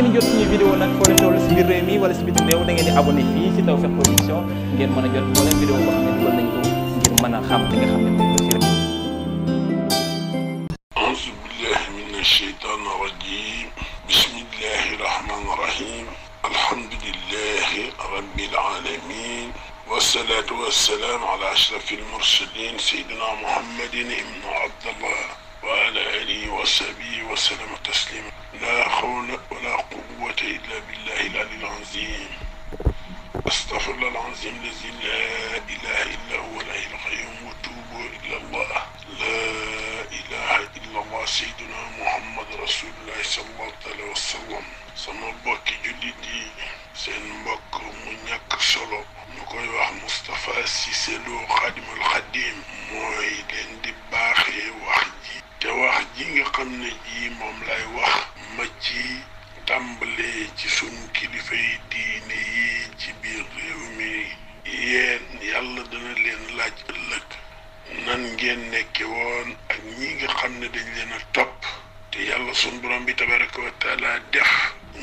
ngeen jot suñu vidéo nag foo leen a jot moo leen vidéo boo a xam rajim. Bismillahi rahmani rahim. Alhamdulillahi rabbil alamin. Wassalatu wassalamu ala ashrafil mursalin sayyidina Muhammadin ibn Abdallah wa ala alihi wa laa xawla wala quwwata illa billahi al ali al azim astafirullah al azim lazi laa ilaha illa huwa al hayy al qayyum wa tuubu ila allah laa ilaha illa allah sayyiduna muhammad rasulullahi sallallahu alayhi wa sallam sama mbokki jullit yi seen mbokk mu ñàkk solo ñu koy wax Moustapha Cissé Lo xadimul xadim mooy leen di baaxee wax ji te wax ji nga xam ne ji moom lay wax ma ci tàmbalee ci sunu kilifay diine yi ci biir réew mi yéen yàlla dana leen laaj ëllëg nan ngeen nekke woon ak ñi ngi xam ne dañ leen a topp te yàlla sunu borom bi tabaraka wa taala def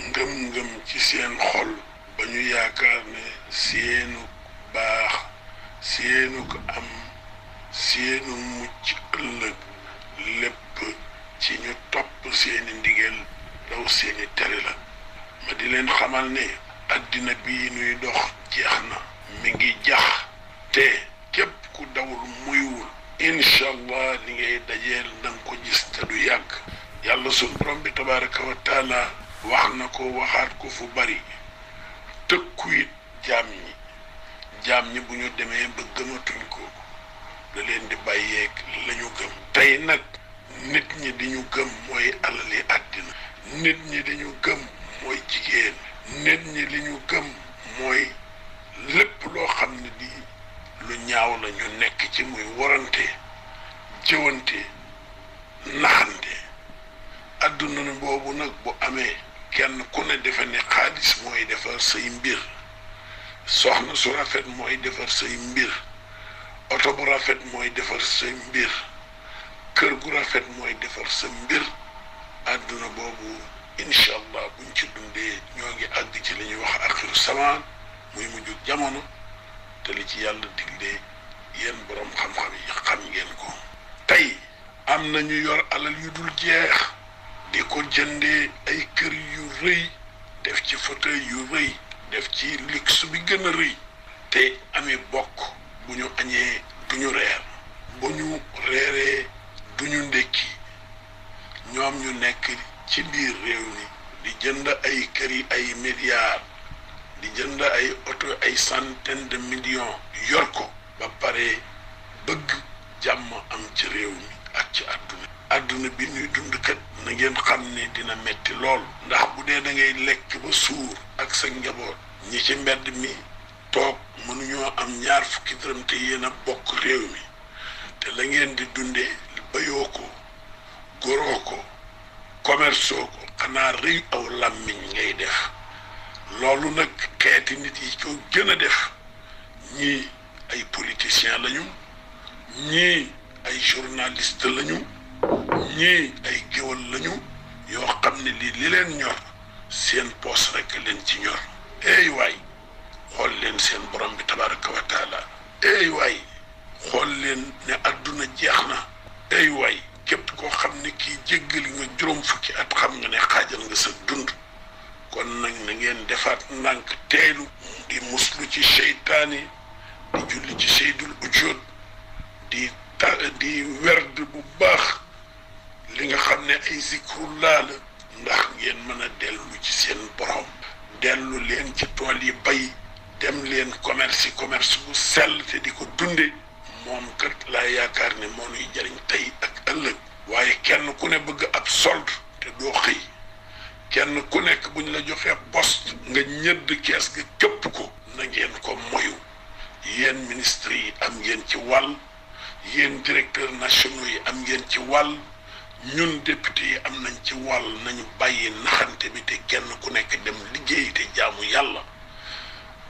ngëm-ngëm ci seen xol ba ñu yaakaar ne seenu baax seenu ko am seenu mucc ëllëg lépp ci ñu topp seeni ndigeel daw seeni tere la ma di leen xamal ne addina bi nuy dox jeex na mi ngi jax te képp ku dawul muyul incha li ngay dajeel na nga ko gis te du yàgg yàlla suñ borom bi tabaraka wax na ko waxaat ko fu bari tëkku it jaam ñi jaam ñi bu ñu demee ba gëmatuñ ko da leen di bàyyeeg la gëm tey nag nit ñi di ñu gëm mooy alali àddina nit ñi di ñu gëm mooy jigéen nit ñi li ñu gëm mooy lépp loo xam ne di lu ñaaw lañu nekk ci muy warante jëwante naxante àdduna ni boobu nag bu amee kenn ku ne defe ne xaalis mooy defar say mbir soxna su rafet mooy defar say mbir oto bu rafet mooy defar say mbir kër gu rafet mooy defar sa mbir àdduna boobu incha buñ ci dundee ñoo ngi àgg ci lañuy ñuy wax axiru samaan muy mujj jamono te li ci yàlla diglee yéen borom xam-xam yi xam ngeen ko. tey am na ñu yor alal yu dul jeex di ko jëndee ay kër yu rëy def ci foto yu rëy def ci luxe bi gën rëy te amee bokk bu ñu añee du ñu reer bu ñu reeree. du ñu ndékki ñoom ñu nekk ci biir réew mi di jënd ay kër yi ay milliards di jënd ay oto ay santen de millions yor ko ba pare bëgg jàmm am ci réew mi ak ci àdduna bi ñuy dund kat na ngeen xam ne dina metti lool ndax bu dee da ngay lekk ba suur ak sa njaboot ñi ci mbedd mi toog mënuñoo am ñaar fukki dërëm te yéen bokk réew mi te la ngeen di dundee bayoo ko goroo ko commerce ko xanaa rëy aw làmmiñ ngay def loolu nag xeeti nit yi ko gën a def ñii ay politiciens lañu ñii ay journaliste lañu ñii ay géwal lañu yoo xam ne lii li leen ñor seen poos rekk leen ci ñor eey waay xool leen seen borom bi tabaraka wa taala eey waay xool leen ne àdduna jeex na ay waay képp koo xam ne kii jéggali nga juróom fukki at xam nga ne xaajal nga sa dund kon nag na ngeen defaat ndànk teelu di muslu ci seytaane di julli ci seydul ujood di ta di werd bu baax li nga xam ne ay zikrullah la ndax ngeen mën a dellu ci seen borom dellu leen ci tool yi bay dem leen commerce commerce bu sell te di ko dunde moom kat laa yaakaar ni moo nuy jariñ tey ak ëllëg waaye kenn ku ne bëgg ab solde te doo xëy kenn ku nekk buñ la joxee poste nga ñëdd kees ga képp ko na ngeen ko moyu yéen ministre yi am ngeen ci wàll yéen directeur nationaux yi am ngeen ci wàll ñun député yi am nañ ci wàll nañu bàyyi naxante bi te kenn ku nekk dem liggéey te jaamu yàlla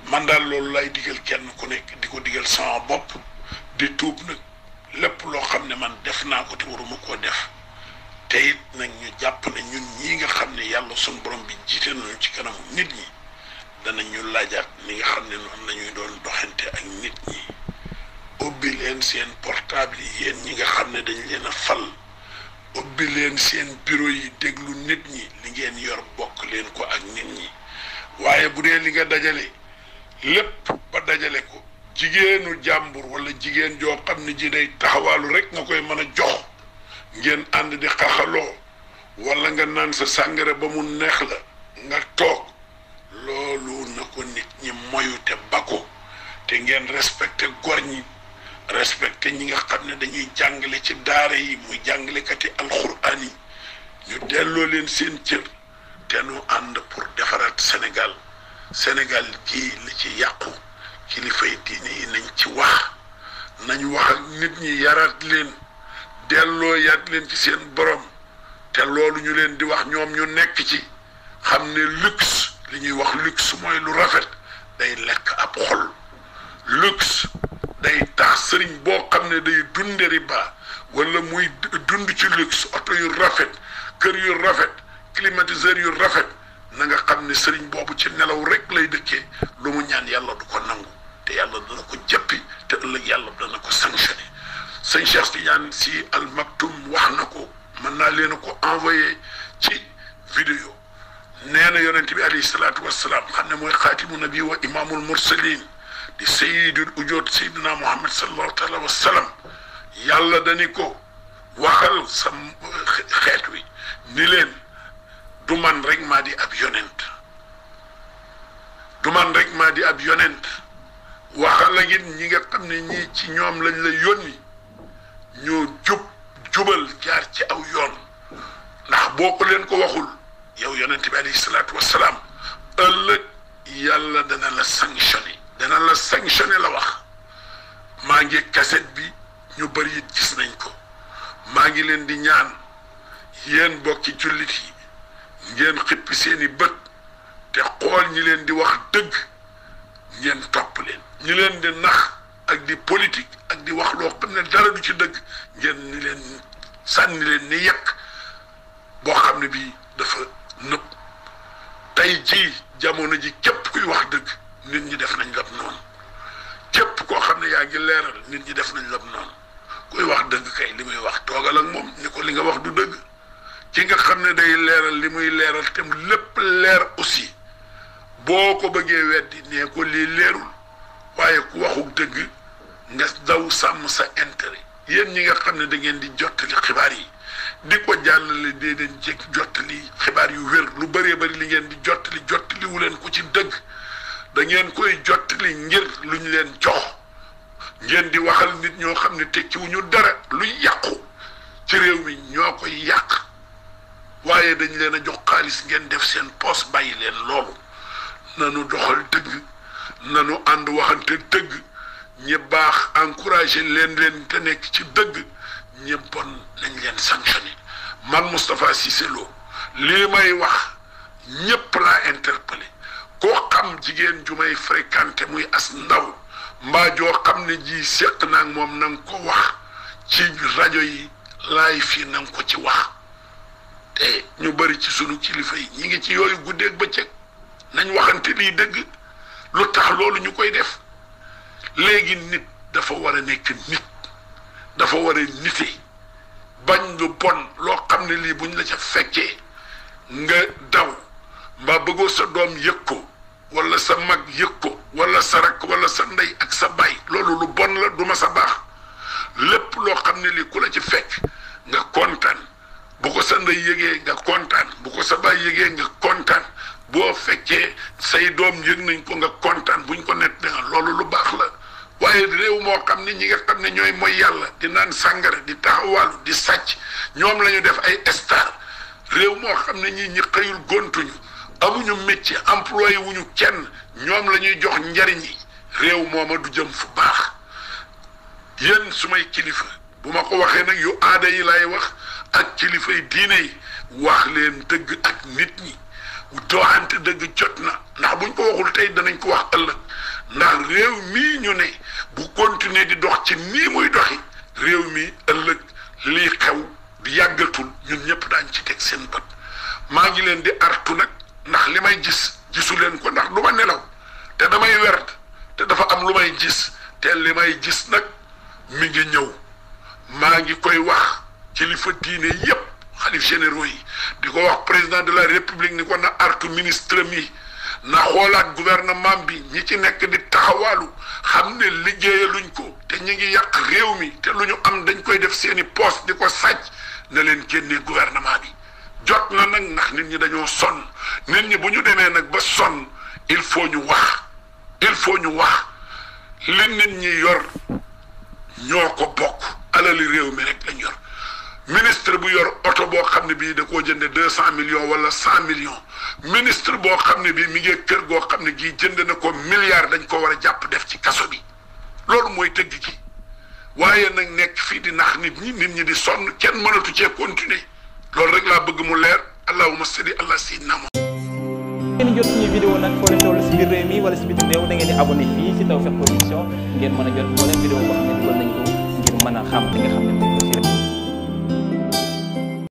man daal loolu lay digal kenn ku nekk di ko digal sama bopp di tuub nag lépp loo xam ne man def naa ko te waruma ko def te nag ñu jàpp ne ñun ñi nga xam ne yàlla suñ borom bi jiite nañu ci kanam nit ñi danañ ñu laajaat ni nga xam ne nañu la ñuy doon doxante ak nit ñi ubbi leen seen portable yi yéen ñi nga xam ne dañ leen a fal ubbi leen seen bureau yi déglu nit ñi li ngeen yor bokk leen ko ak nit ñi waaye bu dee li nga dajale lépp ba dajale ko jigéenu jàmbur wala jigéen joo xam ne ji day taxawaalu rek nga koy mën a jox ngeen ànd di xaxaloo wala nga naan sa sàngara ba mu neex la nga toog loolu na ko nit ñi moyu te bako te ngeen respecté gor ñi respecté ñi nga xam ne dañuy jàngale ci daara yi muy jàngalekati alxuraan yi ñu delloo leen seen cër te nu ànd pour defaraat senegal senegal jii li ci yàqu kilifay diine yi nañ ci wax nañu wax ak nit ñi yaraat leen delloo yaat leen ci seen borom te loolu ñu leen di wax ñoom ñu nekk ci xam ne luxe li ñuy wax luxe mooy lu rafet day lekk ab xol luxe day tax sëriñ boo xam ne day dunde riba walla muy dund ci luxe oto yu rafet kër yu rafet climatiseur yu rafet na nga xam ne sëriñ boobu ci nelaw rek lay dëkkee Cheikh Tidiane si Al wax na ko mën naa leen a ko envoyé ci vidéo nee na yonent bi alayhi salaatu wassalaam xam ne mooy xaatimu nabi wa imaamul mursalin di sayidul ujoot sayidina muhammad sallallahu taala wa sallam yàlla dani ko waxal sa xeet wi ni leen du man rek maa di ab yonent du man rek maa di ab yonent waxal la ngeen ñi nga xam ne ñii ci ñoom lañu la yónni ñoo jub jubal jaar ci aw yoon ndax boo ko leen ko waxul yow yonent bi alayhi salaatu wassalaam ëllëg yàlla dana la sanctionné dana la sanctionné la wax maa ngi cassette bi ñu bëri it gis nañ ko maa ngi leen di ñaan yéen bokki jullit yi ngeen xippi seeni bët te xool ñi leen di wax dëgg ngeen topp leen ñi leen di nax ak di politique ak di wax loo xam ne dara du ci dëgg ngeen ni leen sànni leen ni yekk boo xam ne bii dafa nëb tey jii jamono ji képp kuy wax dëgg nit ñi def nañ lab noonu képp koo xam ne yaa ngi leeral nit ñi def nañ lab noonu kuy wax dëgg kay li muy wax toogal moom ni ko li nga wax du dëgg ci nga xam ne day leeral li muy leeral te lépp leer aussi boo ko bëggee weddi nee ko lii leerul waaye ku waxuk dëgg nga daw sàmm sa intere yéen ñi nga xam ne dangeen di jottali xibaar yi di ko jàllale dee leen jekk jottali xibaar yu wér lu bëree bëri li ngeen di jottali jottali leen ku ci dëgg dangeen koy jottali ngir lu ñu leen jox ngeen di waxal nit ñoo xam ne tekkiwuñu dara lu yàqu ci réew mi ñoo koy yàq waaye dañ leen a jox xaalis ngeen def seen poos bàyyi leen loolu nanu doxal dëgg nanu ànd waxante dëgg ñi baax encouragé leen leen te nekk ci dëgg ñi bon nañ leen sanctionné man Moustapha Cissé Lo lii may wax ñépp laa interpellé koo xam jigéen ju may fréquenté muy as ndaw mbaa joo xam ne ji séq naa moom na nga ko wax ci rajo yi laay fii nang ko ci wax te ñu bari ci sunu kilifa yi ñi ngi ci yooyu guddeeg bëccëg nañ waxante lii dëgg lu tax loolu ñu koy def léegi nit dafa war a nekk nit dafa war a nite bañ lu bon loo xam ne lii buñ la ca fekkee nga daw mbaa bëggoo sa doom yëg ko walla sa mag yëg ko wala sa rakk wala sa ndey ak sa baay loolu lu bon la du ma sa baax lépp loo xam ne lii ku la ci fekk nga kontaan bu ko sa ndey yëgee nga kontaan bu ko sa baay yëgee nga kontaan boo fekkee say doom yëg nañ ko nga kontaan buñ ko nett ne loolu lu baax la waaye réew moo xam ne ñi nga xam ne ñooy mooy yàlla di naan sàngara di taxawaalu di sàcc ñoom la def ay star réew moo xam ne ñii ñi xëyul gontuñu amuñu métier employé wuñu kenn ñoom lañuy jox njariñ yi réew mooma du jëm fu baax yéen su may kilifa bu ma ko waxee nag yu aada yi lay wax ak kilifay diine yi wax leen dëgg ak nit ñi doxante dëgg jot na ndax buñ ko waxul tey dinañ ko wax ëllëg ndax réew mii ñu ne bu continuer di dox ci nii muy doxi réew mi ëllëg lii xew di yàggatul ñun ñëpp daañ ci teg seen bët maa ngi leen di artu nag ndax li may gis gisu leen ko ndax du ma nelaw te damay werd te dafa am lu may gis te li may gis nag mi ngi ñëw maa ngi koy wax ci kilifa diine yépp xalif généro yi di ko wax président de la république ni ko na artu ministre mii na xoolaat gouvernement bi ñi ci nekk di taxawaalu xam ne liggéeyaluñ ko te ñu ngi yàq réew mi te lu ñu am dañ koy def seeni poste di ko sàcc ne leen génne gouvernement bi jot na nag ndax nit ñi dañoo sonn nit ñi bu ñu demee nag ba sonn il faut ñu wax il faut ñu wax li nit ñi yor ñoo ko bokk alali réew mi rek lañ yor ministre bu yor oto boo xam ne bii da koo jënde deux cent million wala cent millions ministre boo xam ne bii mi ngi kër goo xam ne gii jënd na ko milliard dañ ko war a jàpp def ci kaso bi loolu mooy tëgg gi waaye nag nekk fii di nax nit ñi ñi di sonn kenn mënatu cee continuer loolu rek laa bëgg mu leer allahumma salli ala sayyidina Muhammad si biir réew si biti réew da ngeen mën a jot moo leen vidéo boo ne ngir mën a xam li nga xam ne